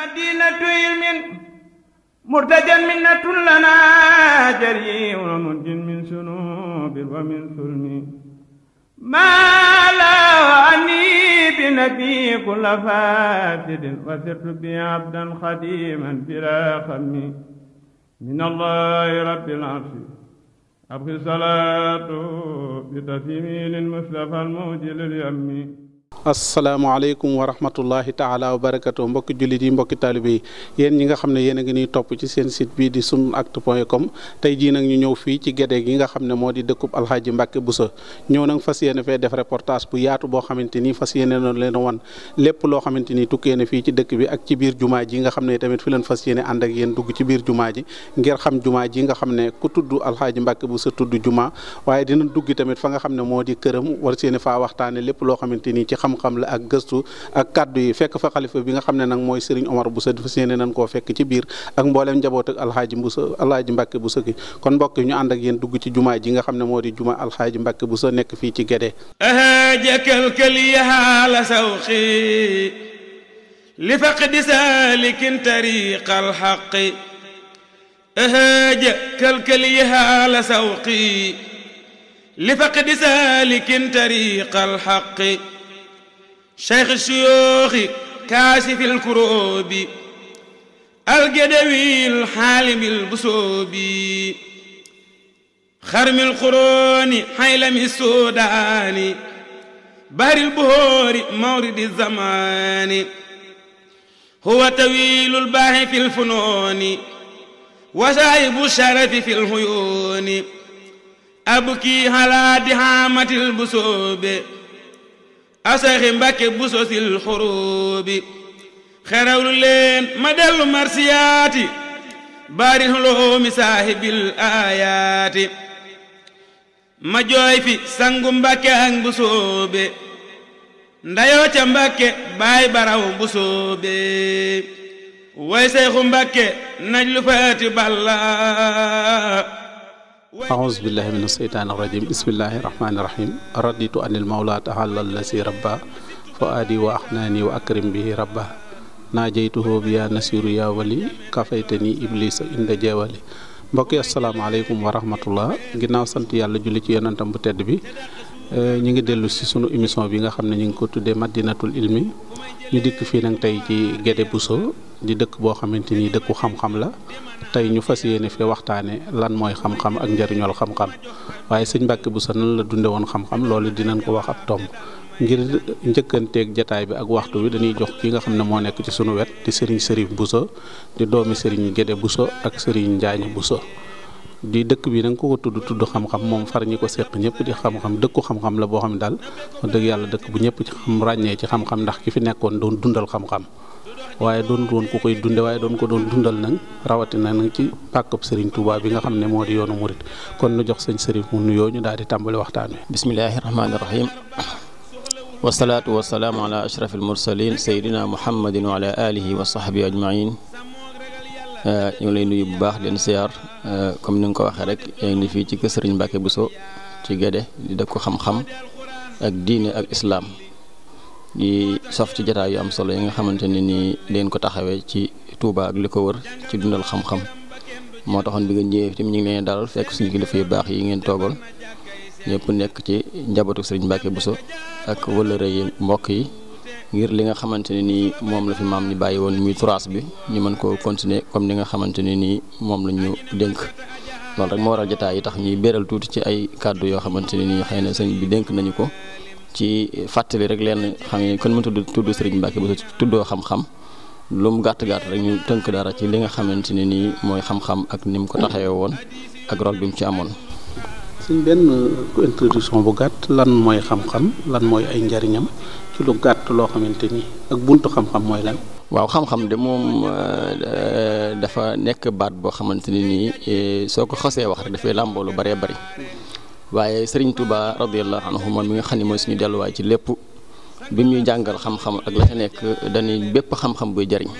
مدينة علم مرتجا منة لنا جريء ومنج من سنوب ومن ثلم ما لا وأني بنبي كل فاسد وسرت بي عبدا خديما بلا خمي من الله رب العرش أبقي الصلاة بتسليم للمصطفى الموجل اليمي asalaamaaleykum wa rahmatullahi taala wa barakatu mbokki jullit yi mbokki taalibe yi yéen ñi nga xam ne yéen a ngi ñuy topp ci seen site bi di sunactu point com tey jii nag ñu ñëw fii ci gédé gi nga xam ne moo di dëkkub alxaaji bu Buso ñëw nag fas yéene fee def reportage bu yaatu boo xamante ni fas yéene noonu leen wan lépp loo xamante ni tukkee na fii ci dëkk bi ak ci biir jumaa ji nga xam ne tamit fi leen fas yéene ànd ak yéen dugg ci biir jumaa ji ngir xam jumaa ji nga xam ne ku tudd alxaaji Mbàkke Buso tudd jumaa waaye dina dugg tamit fa nga xam ne moo di këram war séeni faa waxtaane lépp loo xamante xam-xam la ak gëstu ak kàddu yi fekk fa xalifa bi nga xam ne nag mooy Serigne Omar Bousso fas yéene nañ koo fekk ci biir ak mbooleem njaboot ak alxaaji Bousso alxaaji Mbàkke Bousso ki kon mbokk ñu ànd ak yéen dugg ci jumaa ji nga xam ne moo di jumaa alxaaji Mbàkke Bousso nekk fii ci Gédé li faqdi saalikin tariqal la sawqi li faqdi saalikin tariqal xaqi شيخ الشيوخ كاشف الكروب الجدوي الحالم البسوبي خرم القرون حيلم السوداني بحر البهور مورد الزمان هو طويل الباه في الفنون وسائب الشرف في الهيون أبكي على دهامة البسوب asaxi mbàkke buso sil xurubi xerawlu leen ma dellu marsiyaati baarin loomi saahibil aayaati ma jooy sangu mbàkke ak mbusoobe ndayoo ca baay baraw mbusoobe way seyxu mbàkke najlu faati balla أعوذ بالله من الشيطان الرجيم بسم الله الرحمن الرحيم رضيت أن المولى تعالى الذي ربى فؤادي وأحناني وأكرم به ربه ناجيته بيا نسير يا ولي كفيتني إبليس عند جوالي mbokk yi asalaamaaleykum wa rahmatullah ginnaaw sant yàlla julli ci yonentam bu tedd bi Euh, ñu ngi dellu si sunu émission bi nga xam ne ñu ngi ko tuddee Madinatul Ilmi ñu dikk fii nag tey ci Guédé Bousso di dëkk boo xamante ni dëkku xam-xam la tey ñu fas yéene fi waxtaane lan mooy xam-xam ak njëriñool xam-xam waaye sëñ Mbàkke Bousso nan la dunde woon xam-xam loolu dinañ ko wax ab tomb ngir njëkkanteeg jataay bi ak waxtu bi dañuy jox ki nga xam ne moo nekk ci sunu wet di sëriñ Sërif Bousso di doomi sëriñ Guédé Bousso ak sëriñ Njaañ Bousso di dëkk bi da nga ko ko tudd tudd xam-xam moom far ñi ko seq ñëpp di xam-xam dëkku xam-xam la boo xam ne daal dëgg yàlla dëkk bu ñëpp ci xam ràññee ci xam-xam ndax ki fi nekkoon doon dundal xam-xam waaye doon ku koy dunde waaye doon ko doon dundal nag rawatina nag ci pàkk sëriñ Touba yi nga xam ne moo di yoonu murit kon nu jox sañ Serigne mu nuyoo ñu daal di tàmbali waxtaan wi. bismillahi rahmaani rahim wasalaatu wasalaamu ala ashrafil mursalin sayyidina muhammadin wa ala alihi wa sahbihi ajmain Euh, ñu ngi lay nuyu bu baax leen siyaar euh, comme ni nga ko waxee rek yaa ngi fii ci kër Serigne bu so ci Guédé di ko xam-xam ak diine ak islaam di sof ci jataay yu am solo yi nga xamante ne nii leen ko taxawee ci Touba ak li ko wër ci dundal xam-xam moo taxoon bi nga ñëwee tamit ñu ngi leen dalal fekk suñu kilifa yu baax yi ngeen toogoon ñëpp nekk ci njabootu Serigne bu Bousso ak wëllëre yi mbokk yi. ngir li nga xamante ne nii moom la fi maam ni bàyyi woon muy turaas bi ñu mën koo continuer comme ni nga xamante ne nii moom la ñu dénk loolu rek moo waral jotaay yi tax ñuy beral tuuti ci ay kàddu yoo xamante ne nii xëy na sëñ bi dénk nañu ko ci fàttali rek leen xam ne kon mu tudd tudd Serigne Mbacke ba tuddoo xam-xam lu mu gàtt gàtt rek ñu tënk dara ci li nga xamante ne nii mooy xam-xam ak ni mu ko taxawee woon ak rôle bi mu ci amoon. suñ benn introduction bu gàtt lan mooy xam-xam lan mooy ay njariñam ci lu gàtt loo xamante ni ak buntu xam-xam mooy lan. waaw xam-xam de moom euh, dafa nekk baat boo xamante ne nii euh, soo ko xasee wax rek dafay làmboo lu bëree bari waaye Serigne Touba radiyallahu anhu moom mi nga xam ni mooy suñu delluwaay ci lépp bi muy jàngal xam-xam ak la ca nekk dañuy bépp xam-xam buy jariñ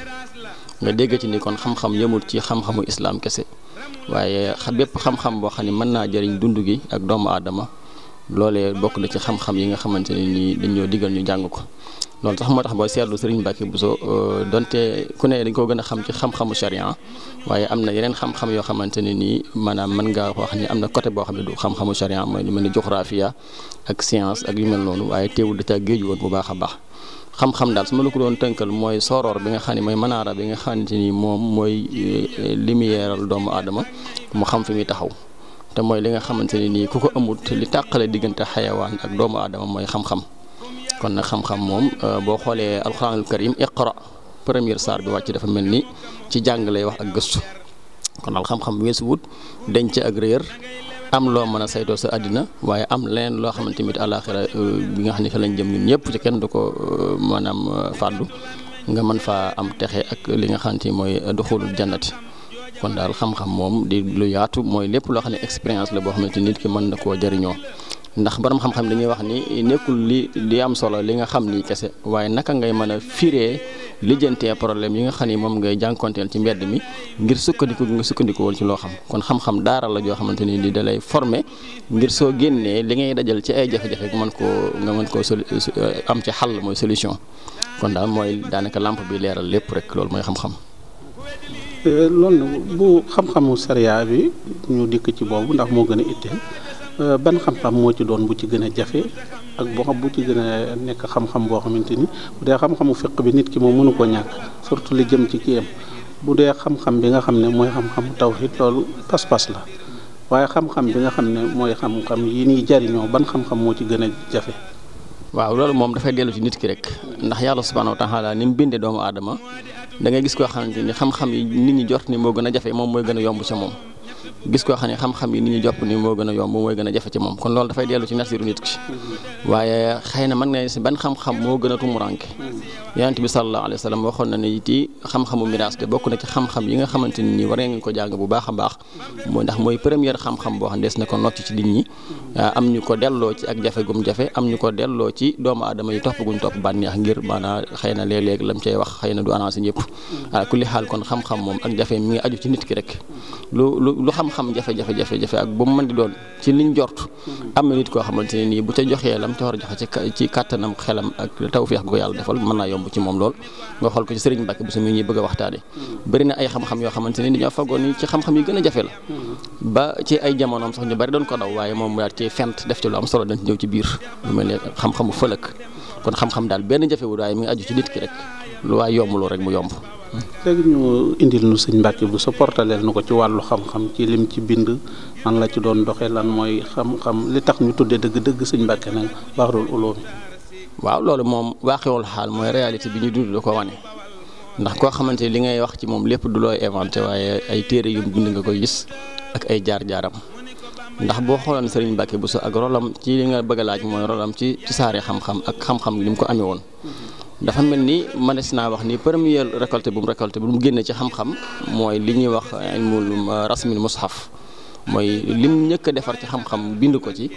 nga dégg ci ni kon xam-xam yëmul ci xam-xamu islaam kese waaye bépp xam-xam boo xam ne mën naa jariñ dund gi ak doomu aadama. loolee bokk na ci xam-xam yi nga xamante ne nii dañoo digal ñu jàng ko lool sax moo tax booy seetlu Serigne Mbacke Bousso euh, donte ku ne dañ koo gën a xam ci xam-xamu sharia waaye am na yeneen xam-xam yoo xamante ne nii maanaam mën ngaa wax ni am na côté boo xam ne du xam-xamu sharia mooy lu mel ni géographia ak science ak yu mel noonu waaye teewul da caa géeju woon bu baax a baax. xam-xam daal su ma la ko doon tënkal mooy soroor bi nga xam ne mooy manaara bi nga xamante ni moom mooy euh, lumière doomu aadama mu xam fi muy taxaw. te mooy li nga xamante ne nii ku ko amut li tàqale diggante xayawaan ak doomu aadama mooy xam-xam kon nag xam-xam moom euh, boo xoolee alxuraanul karim iqra premier saar bi wàcc dafa mel ni ci jàng lay wax ak gëstu kon al xam-xam weesu wut denc ak réer am loo mën a saytoo sa àddina waaye am leneen loo xamante ni àllaaxira euh, bi nga xam ne lañ jëm ñun ñëpp ci kenn du ko euh, maanaam fàddu nga mën faa am texe ak li nga xamante ni mooy duxulul jannati kon daal xam-xam moom di lu yaatu mooy lépp loo xam ne expérience la boo xamante nit ki mën na koo jariñoo ndax borom xam-xam dañuy wax ni nekkul li li am solo li nga xam ni kese waaye naka ngay mën a firee lijjantee problème yi nga xam ni moom ngay jànkonteel ci mbedd mi ngir sukkandiku nga sukkandiku ci loo xam kon xam daara la joo xamante ni di dalay former ngir soo génnee li ngay dajal ci ay jafe-jafe mën koo nga mën koo am ci xàll mooy solution kon daal mooy daanaka làmp bi leeral lépp rek loolu mooy xam-xam. Euh, loolu bu xam-xamu sariya bi ñu dikk ci boobu ndax moo gën a itteel euh, ban xam-xam moo ci doon bu ci gën a jafe ak boo xam bu ci gën a nekk xam boo xamante ni bu dee xam bi nit ki moom mënu ko ñàkk surtout li jëm ci kiyam bu dee xam bi nga xam ne mooy xam taw tawhid loolu pas-pas la waaye xam-xam bi nga xam ne mooy xam-xam yi ñuy jariñoo ban xam-xam moo ci gën a jafe. waaw loolu moom dafay dellu ci nit ki rek ndax yàlla subhaanahu wa taala ni mu bindee doomu aadama dangay gis koo xamante ni xam-xam yi nit ñi jot ni moo gën a jafe moom mooy gën a yomb sa moom gis koo xam ne xam-xam yi ni ñu jàpp ni moo gën a yomb mooy moom na si ban xam-xam moo gën a tumuranke yonent bi sallallahu alayhi wa sallam waxoon na ne ci xam-xamu miraas bokk na ci xam yi nga xamante ni war ngeen ko jàng bu baax a baax moo ndax mooy première xam-xam boo xam des na ko nocc ci nit ñi ah, am ñu ko delloo ci ak jafe gum am ñu ko delloo ci doomu aadama yi topp guñ topp bànneex ngir maanaam xëy na léeg-léeg lam cay wax xëy na du annoncé ñëpp kulli xaal kon ak jafe mi ngi aju ci nit ki rek du xam-xam jafe-jafe jafe-jafe ak ba mu mën di doon ci liñ jort mm-hmm. am na nit koo xamante ne nii bu ca joxee lam ca war a joxe ci kàttanam xelam ak tawfeex gu yàlla defal mën naa yomb ci moom lool nga xool ko ci sëriñ Mbàkke bi su mu a mm-hmm. xam-xam xam-xam yi a jafe la mm-hmm. ba ci ay jamonoom sax ñu bari doon ko daw waaye moom daal ci fent def ci lu am solo dañ ci ñëw ci biir lu mel ne xam-xamu fëlëk kon xam-xam daal benn jafewul waaye mi ngi aju ci nit ki rek lu waay yombuloo rek mu yomb léegi ñu indil lu suñ Mbàkke bu sa portaleel nu ko ci wàllu xam-xam ci lim ci bind man la ci doon doxee lan mooy xam-xam li tax ñu tuddee dëgg-dëgg suñ Mbàkke nag baaxul waaw loolu moom waaxewul xaal mooy réalité bi ñu dund ko wane ndax koo xamante li ngay wax ci moom lépp du looy inventé waaye ay téere yu bind nga koy gis ak ay jaar-jaaram ndax boo xooloon Serigne Mbàkke bu sa ak rolam ci li nga bëgg laaj mooy rolam ci ci saare xam-xam ak xam-xam li ko amee dafa mel ni mënees naa wax ni première récolte bu mu récolté bu mu génne ci xam-xam mooy li ñuy wax ilmul euh, rasmil mushaf mooy li mu a defar ci xam-xam bind ko ci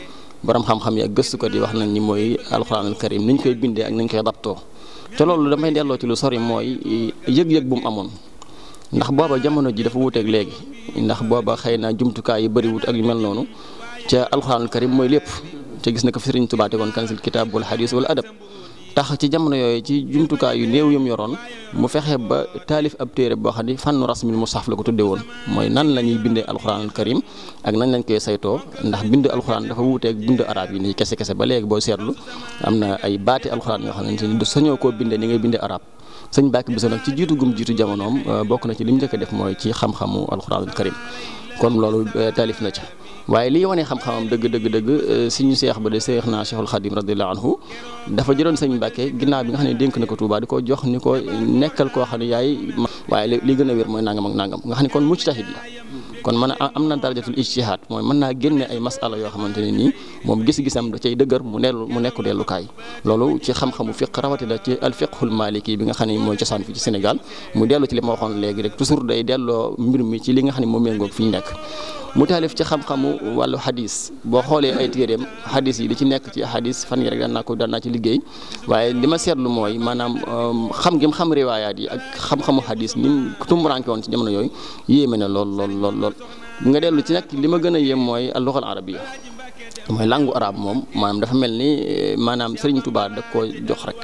borom xam-xam yi ak gëstu ko di wax nañ ni mooy alxuraanul karim ni ñu koy bindee ak nañ koy daptoo te loolu damay delloo ci lu sori mooy euh, yëg-yëg bu mu amoon ndax booba jamono ji dafa wuuteeg léegi ndax booba xëy na jumtukaay yi bëriwut ak yu mel noonu ca alxuraanul karim mooy lépp te gis na ko fi Sëriñ Tuubaa tegoon kansil kitaabul hadis wala adab tax ci jamono yooyu ci jumtukaay yu néew yum yoroon mu fexe ba taalif ab téere boo xam ni fànnu rasmil mushaf la ko tuddee woon mooy nan la ñuy bindee alxuraanul karim ak nan lañ koy saytoo ndax bind alxuraan dafa wuuteeg bind araab yi nii kese kese ba léegi boo seetlu am na ay baati alxuraan yoo xam ne du sañoo koo bindee ni ngay bindee arab sëñ Mbàkke sa nag ci jiitu gum jiitu jamonoom bokk na ci li mu njëkk def mooy ci xam-xamu alxuraanul karim kon loolu eh, taalif na ca. waaye liy wane xam-xamam dëgg dëgg dëgg euh, suñu seex ba de seex naa Seexul Xadim radiyallahu anhu dafa jëloon sañu Mbàkke ginnaaw bi nga xam ne dénk na ko Touba di ko jox ni ko nekkal koo xam ne yaay waaye li gën a wér mooy nangam ak nangam nga xam ne kon mujtahid la kon mën a am na darajatul ijtihaad mooy mën naa génne ay masala yoo xamante ne nii moom gis-gisam da cay dëgër mu nellu mu nekku dellukaay loolu ci xam-xamu fiq rawatina ci al fiqhul maliki bi nga xam ne mooy cosaan ci Sénégal mu dellu ci li ma waxoon léegi rek day delloo mbir mi ci li nga xam ne moom méngoog fi ñu nekk mu taalif ci xam-xamu wàllu xadiis boo xoolee ay téeréem hadis yi di ci nekk ci hadis fan yi rek daan naa ko daan naa ci liggéey waaye li ma seetlu mooy maanaam um, xam gi mu xam riwaayaat yi ak xam-xamu hadis ni mu tumuraanke woon ci jamono yooyu yéeme na lool lool nga dellu ci nag li ma gën a yem mooy alluxal arabiya mooy langu arab moom maanaam dafa mel ni eh, maanaam Serigne Touba da koo jox rek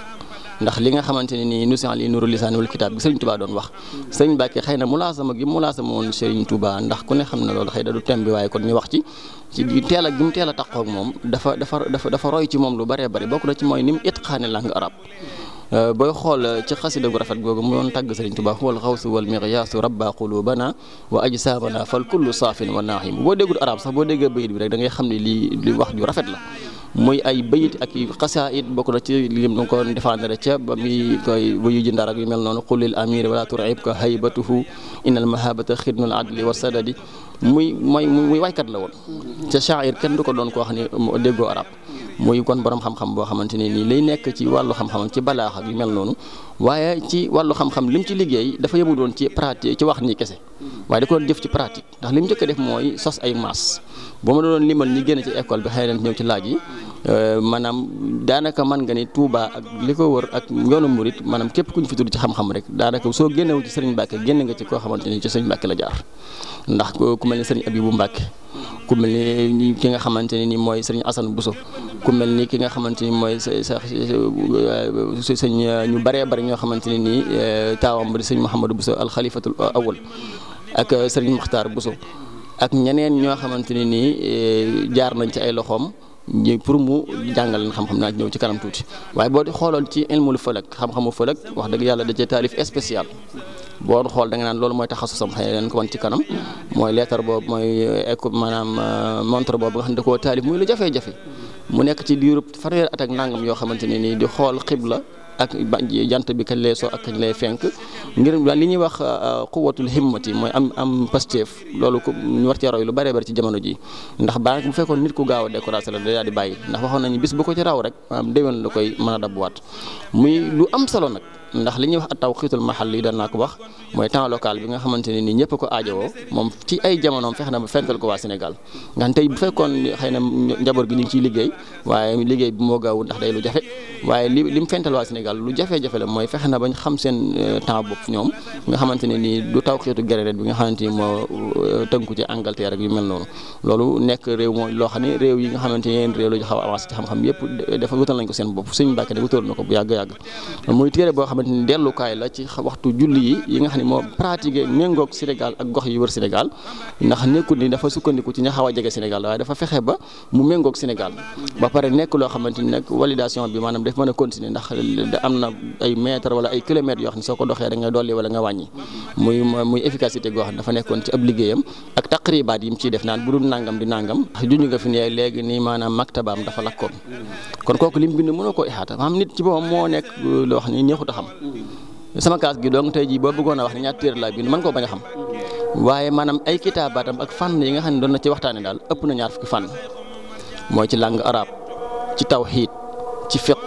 ndax li nga xamante ne nii nusian li nuru lisaan wal kitaab bi Serigne Touba doon wax Serigne Mbacke xëy na mulaasama gi mulaasama woon Serigne Touba ndax ku ne xam na loolu xëy na du bi waaye kon ñu wax ci ci teel a gi mu teel a moom dafa dafa dafa dafa roy ci moom lu bëree bëri bokk na ci mooy ni mu itqaane langue arab Euh, booy xool euh, ci xasida gu rafet googu mu doon tàgg Sëriñ Tuubaa wal xawsu wal miqyaasu rabba qulubana wa ajsamana fal kullu saafin wa naahim boo déggul arab sax boo déggee bayit bi rek dangay xam ni lii li wax ju rafet la muy ay bayit ak xasaa it bokk na ci lim da nga ko défendre ca ba muy koy wuyu ji ndar ak yu mel noonu qulil amir wala turibka haybatuhu innal mahabata xidnul adli wa sadadi muy mooy muy waykat la woon ca shaa'ir kenn du ko doon ko xam ne déggoo arab muy kon boroom xam-xam boo xamante ne nii lay nekk ci wàllu xam-xam ci balaax ak yu mel noonu waaye ci wàllu xam-xam lim ci liggéey dafa yëbu doon ci pratique ci wax nii kese mm-hmm. waaye da ko doon ci pratique ndax lim njëkk a def mooy sos ay maas bu ma doon limal li génn ci école bi xay na ñëw ci laaj yi euh, maanaam daanaka man nga ni Touba ak li ko wër ak yoonu murit maanaam képp ku ñu fi tudd ci xam-xam rek daanaka soo génnewu ci Serigne Mbacke génn nga ci koo xamante ni ci Serigne Mbacke la jaar ndax ku mel ni Serigne Abibou Mbacke ku mel ni ki nga xamante ne ni mooy Serigne Assane Bousso ku mel ni ki nga xamante ni mooy sa sa euh, sëñ euh, ñu bëree bëri ñoo xamante ne nii taawam ba di sëñ Mouhamadou Bousso al Khalifatul Awal ak Serigne Makhtar Bousso ak ñeneen ñoo xamante ne nii e, jaar nañ ci ay loxoom pour mu jàngal leen xam-xam naa ñëw ci kanam tuuti waaye boo di xoolool ci ilmul falak xam-xamu falak wax dëgg yàlla da cee taalif spécial boo xool da nga naan loolu mooy taxasusam xëy leen ko wan ci kanam mooy leetar boobu mooy éco maanaam e, montre boobu nga xam ne da koo taalif muy lu jafe-jafe mu nekk ci diirub fanweer at ak nangam yoo xamante ne nii di xool la ak jant bi kañ lay soo ak kañ lay fenk ngir li ñuy wax xuwatul euh, euh, himmati mooy am am pasteef loolu ko ñu war cee roy lu bëree bëri ci jamono ji ndax baax bu fekkoon nit ku gaaw a découragé la daal di bàyyi ndax waxoon nañu bis bu ko ci raw rek koy mën a dabbuwaat muy solo nag. ndax li ñuy wax ataw xiitul maxal yi daan naa ko wax mooy temps local bi nga xamante ne nii ñëpp ko aajowoo moom ci ay jamonoom fex na ba fenkal ko waa Sénégal nga xam tey bu fekkoon xëy na njaboot gi ñu ngi ciy liggéey waaye liggéey bi moo gaawul ndax day lu jafe. waaye li li mu fental waa Sénégal lu jafe-jafe la mooy fexe na bañ xam seen euh, temps bopp ñoom nga xamante ne nii du taw xeetu gréret bi nga xamante ni moo euh, tënku ci loo xam ne réew yi nga xamante ne yeen réew la ñu xaw a avancé ci xam-xam yëpp dafa wutal nañ ko seen bopp suñu mbàkke de ci waxtu yi yi xam ne moo pratiqué méngoog Sénégal ak gox yi wër Sénégal ndax nekkul ni dafa sukkandiku ci ña xaw a jege Sénégal waaye dafa fexe ba mu méngoog Sénégal ba pare nekk loo xamante nag validation bi maanaam def mën a continuer ndax am na ay mètres wala ay kilomètres yoo xam ne soo ko doxee da nga dolli wala nga wàññi muy muy efficacité goo xam ne dafa nekkoon ci ab liggéeyam ak taqribaat yi mu ciy def naan bu dul nangam di nangam junj nga fi nii maanaam maktabaam nit ci boppam moo nekk loo xam ne neexut a sama kaas gi donc tey jii boo bëggoon a wax ne ñaar téere laa bind mën koo bañ a xam waaye maanaam ay kitaabatam ak fànn yi nga xam ne doon na ci waxtaane daal ëpp na ñaar fukki fànn mooy ci ci fiq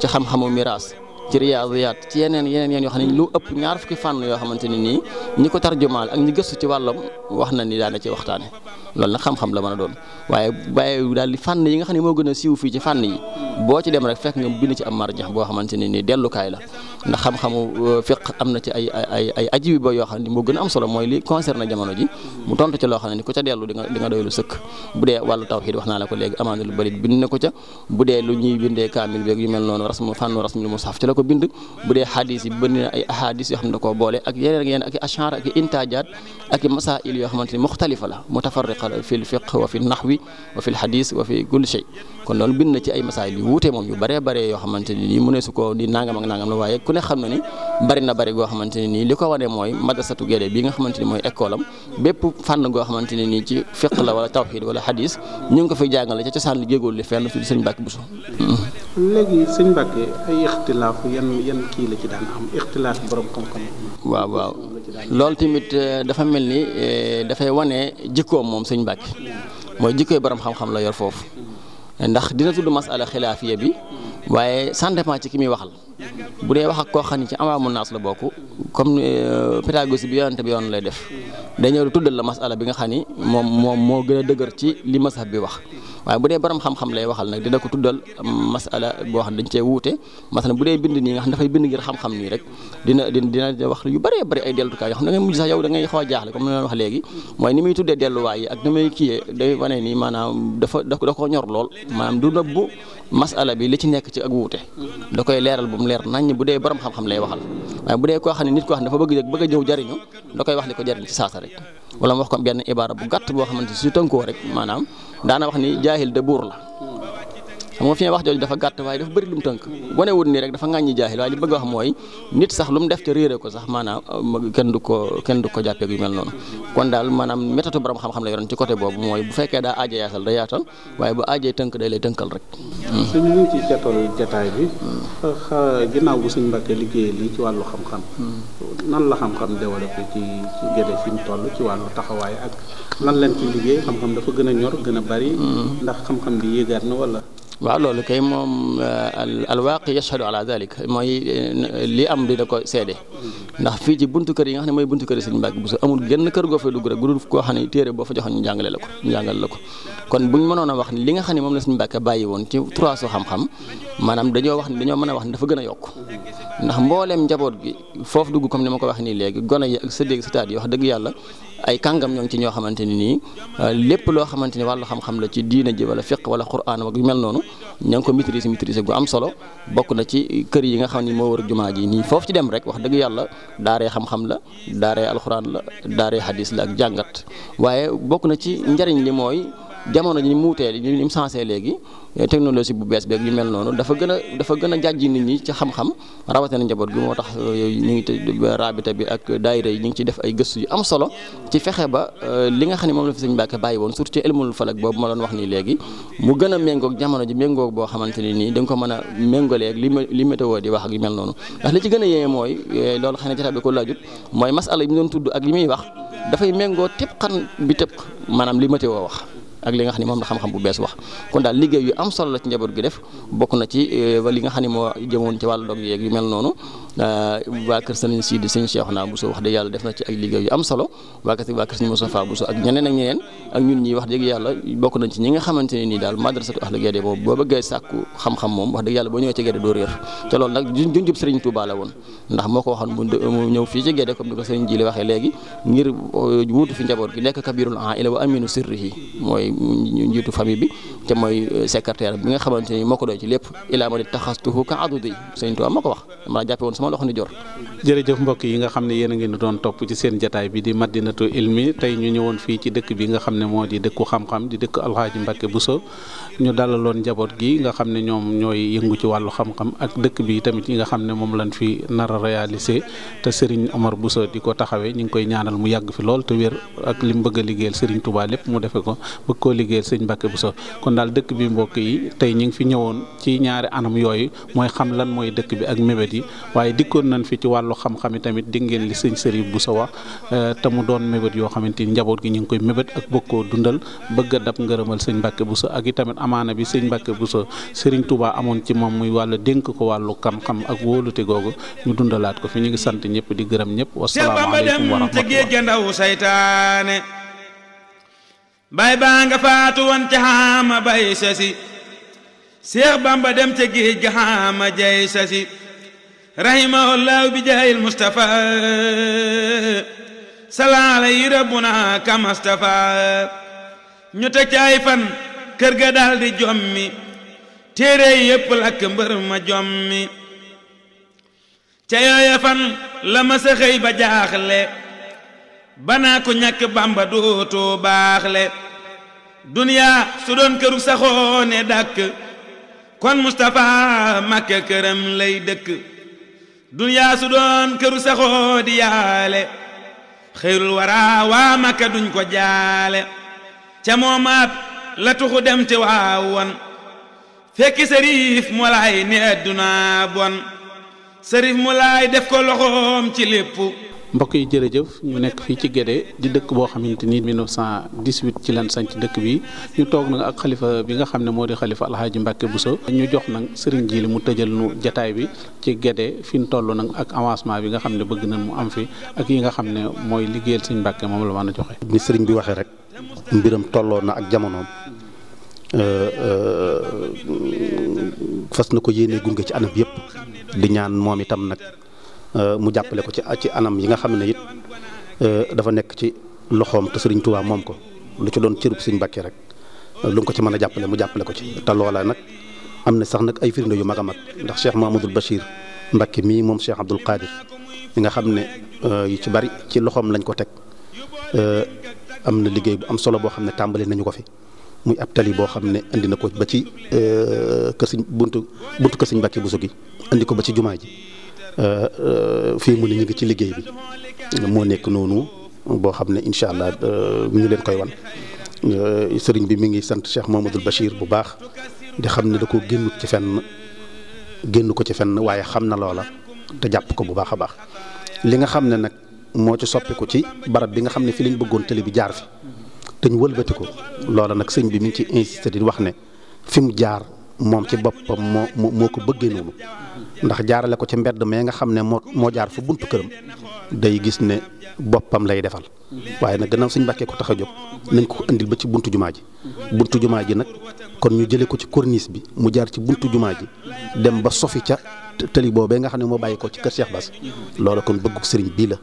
ci xam-xamu miraas ci riyaadiyaat ci yeneen yeneen yeen yoo xam ne lu ëpp ñaar fukki fànn yoo xamante ne nii ñi ko tarjumaal ak ñi gëstu ci wàllam wax na ni daana ci waxtaane loolu nag xam-xam la mën a doon waaye waaye daal fànn yi nga xam ne moo gën a siiw fii ci fànn yi boo ci dem rek fekk nga bind ci am marjax boo xamante nii dellukaay la ndax xam-xamu euh, fiq am na ci ay ay bi ba yoo xam ne moo gën a mu tontu ci la ko bind bu dee lu yi bënd ay ahadis yoo xam ne koo boole ak yeneen ak yeneen ak i ak i intaajaat ak yoo xamante ni muxtalifa la mutafarriq fi l fiqh wa fi nahwi wa fi l hadis na ci ay masaayil yu wuute moom yu bëree bëree yoo xamante ne nii mu ne su ko di nangam ak nangam la waaye ku ne xam na ni bari bari goo xamante nii li ko wane mooy madrasatu Guédé bi nga xamante ni mooy école am bépp fànn goo xamante ne nii ci fiqh la wala tawhid wala hadis ñu ngi ko fay jàngale ca cosaan li jéegool li fenn fi sëñ Mbàkke Buso léegi sëñ Mbàkke ay ixtilaaf yan yan kii la ci daan am ixtilaaf borom xam-xam loolu tamit euh, dafa mel ni euh, dafay wane jikkoom moom sëñ Mbàkke mooy jikkooy borom xam-xam la yor foofu ndax dina tudd masala xilaafiya bi waaye ça dépend ci ki muy waxal bu dee wax ak koo xam ne ci amaamu naas la bokk comme euh, pédagogie bi yonante bi yoon lay def dañoo tuddal la masala bi nga xam ni moom moom moo gën a dëgër ci li mazhab bi wax waaw bu dee borom xam-xam lay waxal nag dina ko tuddal masala boo xam ne dañ cee wuute masala bu dee bind nii nga xam dafay bind ngir xam-xam nii rek dina dina dina wax yu bëree bëri ay dellutukaay yoo xam da ngay mujj sax yow da ngay xaw a jaaxle comme na wax léegi mooy ni muy tuddee delluwaay yi ak ni muy kiyee day wane nii maanaam dafa da ko ñor lool maanaam du nëbbu masala bi li ci nekk ci ak wuute da koy leeral bu mu leer naññ bu dee borom xam-xam lay waxal waaye bu dee koo xam ne nit koo xam ne dafa bëgg bëgg a jëw jariñu da koy wax li ko jariñ ci saasa rek wala mu wax ko benn ibaara bu gàtt boo xamante su tënkoo rek maanaam daana wax ni jaahil de buur la xam nga fi ne wax jooju dafa gàtt waaye dafa bëri lu mu tënk wane wut nii rek dafa ŋàññi jaahil waaye li bëgg wax mooy nit sax lu mu def te réere ko sax maanaam kenn du ko kenn du ko jàppee mel noonu kon daal maanaam méthode borom xam-xam la yoroon ci côté boobu mooy bu fekkee daa aaje yaatal da yaatal waaye bu aajee tënk day lay tënkal rek. Hmm. suñu ñu ci jotalu jotaay bi. Hmm. ginnaaw bu suñu mbàkkee liggéeyee lii ci wàllu xam-xam. Hmm. la xam-xam développé ci ci gédé fi mu toll ci wàllu taxawaay ak lan lañ ci liggéey xam-xam dafa gën a ñor gën a bari. ndax xam-xam bi na wala. waaw loolu kay moom eh, al alwaaqi yashhadu ala dalik mooy eh, li am dina ko seede ndax fii ci buntu kër yi nga xam ne mooy buntu kër Sëriñ Mbàkke Buso amul genn kër goo fay dugg rek gudul ne téere boo fa joxoon ko ñu jàngal la ko kon buñ mënoon a li nga xam ne moom la Sëriñ Mbàkke bàyyi woon ci trois soo xam-xam maanaam dañoo wax ne dañoo mën a wax ni dafa gën a yokk ndax mbooleem njaboot gi foofu dugg comme ni ma ko wax nii léegi gone yi ak sa déeg sa yi wax dëgg yàlla ay kàngam ñoo ngi ci ñoo xamante ni nii euh, lépp loo xamante ni wàllu xam-xam la ci diina ji wala fiq wala quran ak mel noonu ñoo ngi ko maîtriser maîtriser gu am solo bokk na ci kër yi nga xam ni moo wër jumaa ji nii foofu ci dem rek wax dëgg yàlla daaree xam-xam la daaree alxuraan la daaree hadis la ak jàngat waaye bokk na ci njariñ li mooy jamono ji ni mu wutee ni mu sensé léegi eh, technologie bu bees beeg yu mel noonu dafa gën a dafa gën a jàjji nit ñi ci xam-xam rawatina njaboot bi moo tax eh, ñu ngi eh, rabita bi ak daayira yi ñu ngi ci def ay gëstu yu am solo ci fexe ba li nga xam ne moom la fi sëñ bàyyi woon surtout ci ilmul falak boobu ma wax nii léegi mu gën a méngoog jamono ji méngoog boo xamante ni nii da ko mën a méngoleeg li ma li météo di wax ak yu mel noonu ndax li ci gën a yéeme mooy loolu xam ne jotaay bi ko laajut mooy masala yi mu doon tudd ak li muy wax dafay méngoo tëb xan bi tëb maanaam li météo wax ak li nga xam moom la xam-xam bu bees wax kon daal liggéey yu am solo la ci njaboot gi def bokk na ci euh, li nga xam ne moo jëmoon ci wàllu dog yeeg yu mel noonu Euh, waa kër sëriñ Sidi sëñ Cheikhouna Bousso wax dëgg yàlla def na ci ay liggéey yu am solo waa kër waa kër sëriñ Moustapha Bousso ak ñeneen ak ñeneen ak ñun ñi wax dëgg yàlla bokk nañ ci ñi nga xamante ne nii daal madrasatu ahlu Guédé boobu boo bëggee sàkku xam-xam moom wax dëgg yàlla boo ñëwee ci Guédé doo réer te loolu nag junjub sëriñ Touba la woon ndax moo ko waxoon mu ñëw fii ci Guédé comme ni ko sëriñ Jili waxee léegi ngir euh, wuutu fi njaboot gi nekk kabirul an ila wa aminu mooy njiitu famille bi te mooy euh, secrétaire bi nga xamante ni moo ko doy ci lépp ilaa ma di taxastuhu ka adudi sëñ Tuubaa moo ko wax dama jàppe woon sama loxo ni jor jërëjëf mbokk yi nga xam ne yéen a ngi doon topp ci seen jataay bi di Madinatu Ilmi tey ñu ñëwoon fii ci dëkk bi nga xam ne moo di dëkku xam-xam di dëkk Alxaaji bu so ñu dalaloon njaboot gi nga xam ne ñoom ñooy yëngu ci wàllu xam-xam ak dëkk bi tamit yi nga xam ne moom lañ fi nar a réalisé te Serigne Omar Bousso di ko taxawee ñu ngi koy ñaanal mu yàgg fi lool te li mu bëgg a liggéeyal Serigne lépp mu defe ko bëgg koo liggéeyal Serigne Mbacké Bousso kon daal dëkk bi mbokk yi tey ñu ngi fi ñëwoon ci ñaari anam yooyu mooy xam lan mooy dëkk bi ak mébét yi waaye dikkoon nañ fi ci wàllu xam-xam yi tamit di ngeen li Serigne Serigne Bousso wax euh, te mu doon mébét yoo xamante ni njaboot gi ñu ngi koy mébét ak bëgg koo dundal bëgg a dab ngërëmal sëñ Mbacké Bousso ak itamit amaana bi sëñ Mbàkke Bousso sëriñ Touba amoon ci moom muy wàllu dénk ko wàllu xam-xam ak wóolute googu ñu dundalaat ko fi ñu ngi sant ñëpp di gërëm ñëpp wasalaamaaleykum wa rahmatulah bay baa nga faatu woon ca xaama bay sasi seex bamba dem ca géej ga xaama jay sasi rahimahullahu bi jaayil salaala yi rabbuna kamastafa ñu teg ci fan kër ga daldi jommi téere yépp lakk mbër ma jommi ca yooya fan la ma xëy ba jaaxle banaa ko ñàkk bàmba dootoo baaxle duniyaa su doon këru saxoo ne dàkk kon Mustapha Makka këram lay dëkk duniyaa su doon këru saxoo di yaale xëyrul waraa waa Makka duñ ko jaale ca moomaat la tuxu dem ci waawoon fekki sëriif mu laay ni adduna bon sëriif mu def ko loxoom ci lépp mbokk yi jërëjëf ñu nekk fii ci Guédé di dëkk boo xamante ni 1918 ci lan sanc dëkk bi ñu toog nag ak xalifa bi nga xam ne moo di xalifa alhaaji Mbàkke Buso ñu jox nag sëriñ ji li mu tëjal nu jataay bi ci Guédé fi ñu toll nag ak avancement bi nga xam ne bëgg nañ mu am fi ak yi nga xam ne mooy liggéeyal sëriñ Mbàkke moom la mën a joxe ni sëriñ bi waxee rek mbiram tolloo na ak jamonoom euh, euh, fas na ko yéenee gunge ci anam yëpp di ñaan moom itam nag Euh, mu jàppale ko ci ci anam yi nga xam ne it euh, dafa nekk ci loxoom te Serigne moom ko lu ci doon cërub Serigne Mbacké rek euh, lu nga ko ci mën a jàppale mu jàppale ko ci te loola am na sax nag ay firnde yu mag a mag ndax Cheikh Mahamadoul Bachir Mbacké mii moom Cheikh Abdoul Qadir mi nga xam ne yu ci bari ci loxoom lañ ko teg am na liggéey bu am solo boo xam ne tàmbali nañu ko fi muy ab tali boo xam ne indi na ko ba ci kër Serigne buntu buntu kër Serigne Mbacké gi indi ko ba ci jumaa ji Euh, euh, fii mu ne ñu ci liggéey bi moo nekk noonu boo xam ne incha allah euh, ñu leen koy wan sëriñ bi mi ngi sant Cheikh Mamadou bashir bu baax di xam ne da ko génnut ci fenn génn ko ci fenn waaye xam na loola te jàpp ko bu baax a baax li nga xam ne nag moo ci soppiku ci barab bi nga xam ne fi lañ bëggoon télé bi jaar fi te ñu wëlbati ko loola nag sëñ bi mi ngi ci insisté wax ne fi mu jaar. moom ci boppam moo moo ko bëggee noonu ndax jaarale ko ci mbedd mee nga xam ne moo moo jaar fa buntu këram day gis ne boppam lay defal waaye nag gannaaw suñ mbàkkee ko tax a jóg nañ ko indil ba ci buntu jumaa ji buntu jumaa ji nag kon ñu jëlee ko ci corniche bi mu jaar ci buntu jumaa ji dem ba sofi ca tëli boobee nga xam ne moo bàyyi ko ci kër Cheikh Bass loolu kon bëggu sëriñ bii la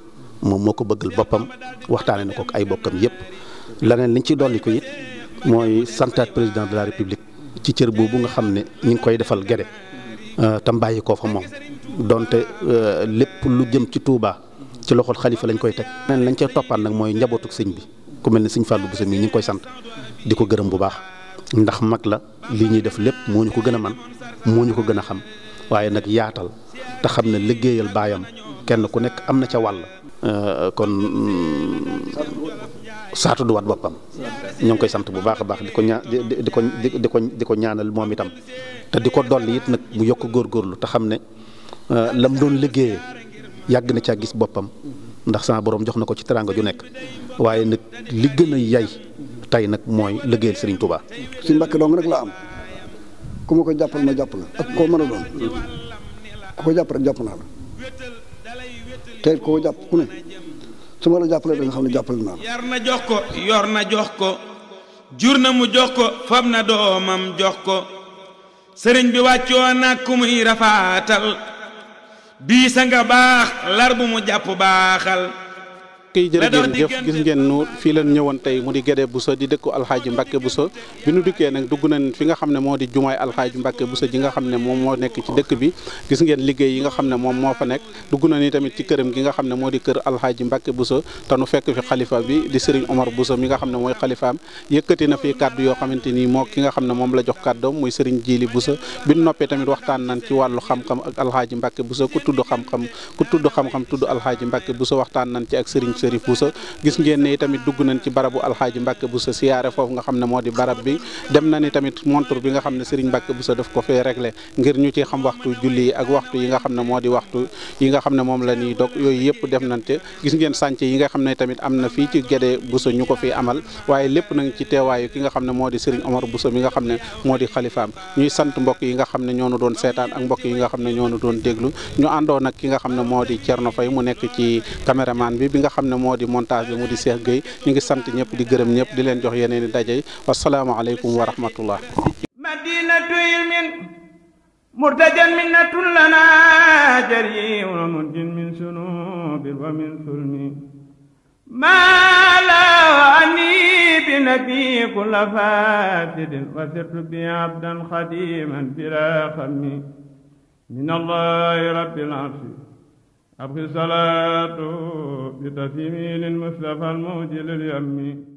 moom moo ko bëggal boppam waxtaane na ko ay bokkam yépp leneen liñ ci dolli it mooy santaat président de la république ci cër boobu nga xam ne ñu ngi koy defal gede euh, tam bàyyi koo fa moom donte euh, lépp lu jëm ci Touba ci loxol xalifa lañ koy teg. leneen lañ cay toppaat nag mooy njabootuk sëñ bi ku mel ne sëñ Fallou Bousso mi ñu ngi koy sant di ko gërëm bu baax ndax mag la lii ñuy def lépp moo ñu ko gën a man moo ñu ko gën a xam waaye nag yaatal te xam ne liggéeyal baayam kenn ku nekk am na ca wàll. Euh, kon. Mm, saatu saa wat boppam ñu ngi koy sant bu baax a baax di ko ñaa ko di ko di ko ñaanal moom itam te di ko dolli it nag mu yokk góor góorlu te xam ne euh, lam doon liggéeyee yàgg na caa gis boppam ndax sama boroom jox na ko ci teraanga ju nekk waaye nag li gën a yay tey nag mooy liggéeyal Serigne tubaa suñ mbàkk dong rek la am ku ma ko jàppal ma jàpp la ak koo mën a doon ko jàpp rek jàpp naa la te ku ko jàpp ku ne. su ma la jàppalee da xam ne jàppale naa yar na jox ko yor na jox ko jur na mu jox ko fab na doomam jox ko sëriñ bi wàccoo nag ku muy rafaatal bii nga baax lar bu mu jàpp baaxal mbokk yi jërë ngeen gis ngeen nu fii leen ñëwoon tey mu di Guédé Bousso di dëkku alxaaji Mbàkke Bousso bi nu dikkee nag nañ fi nga xam ne moo di jumaay alxaaji Mbàkke Bousso ji nga xam ne moom moo nekk ci dëkk bi gis ngeen liggéey yi nga xam ne moom moo fa nekk dugg nañ tamit ci këram gi nga xam ne moo di kër alxaaji Mbàkke Bousso te nu fekk fi xalifa bi di Serigne Omar Bousso mi nga xam ne mooy xalifaam yëkkati na fi kàddu yoo xamante ni moo ki nga xam ne moom la jox kàddoom muy Serigne Jili Bousso bi nu noppee tamit waxtaan nañ ci wàllu xam-xam ak alxaaji Mbàkke Bousso ku tudd xam-xam ku tudd xam-xam tudd alxaaji bu Bousso waxtaan nañ ci ak Serigne Serigne Bousso gis ngeen ne tamit dugg nañ ci barabu alxaaji Mbacke Bousso siyaare foofu nga xam ne moo di barab bi dem na tamit montre bi nga xam ne Serigne Mbacke Bousso daf ko fee réglé ngir ñu ci xam waxtu julli yi ak waxtu yi nga xam ne moo di waxtu yi nga xam ne moom la ñuy dog yooyu yëpp dem nañ te gis ngeen sànc yi nga xam ne tamit am na fii ci Gédé Bousso ñu ko fi amal waaye lépp nag ci teewaayu ki nga xam ne moo di Serigne Omar Bousso mi nga xam ne moo di xalifaam ñuy sant mbokk yi nga xam ne ñoo nu doon seetaan ak mbokk yi nga xam ne ñoo nu doon déglu ñu àndoon ki nga xam ne moo di mu nekk ci caméraman bi bi nga xam ne ne moo di montage bi mu di Cheikh Gueye ñu ngi sant ñëpp di gërëm ñëpp di leen jox yeneen i daje wasalaamaaleykum wa rahmatullah madinatu ilmin murtajan minnatun lana jariun munjin min sunubin wa min sulmi ma la ani bi nabi kulla fasidin wa sirtu bi abdan xadiman bila xammi min allahi rabbil alamin أبقي الصلاة بتسليم المصطفى الموجل اليمين